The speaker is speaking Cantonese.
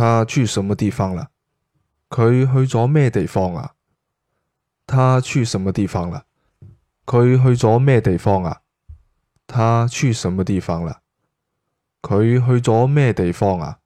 他去什麼地方了？佢去咗咩地方啊？他去什麼地方了？佢去咗咩地方啊？他去什麼地方了？佢去咗咩地方啊？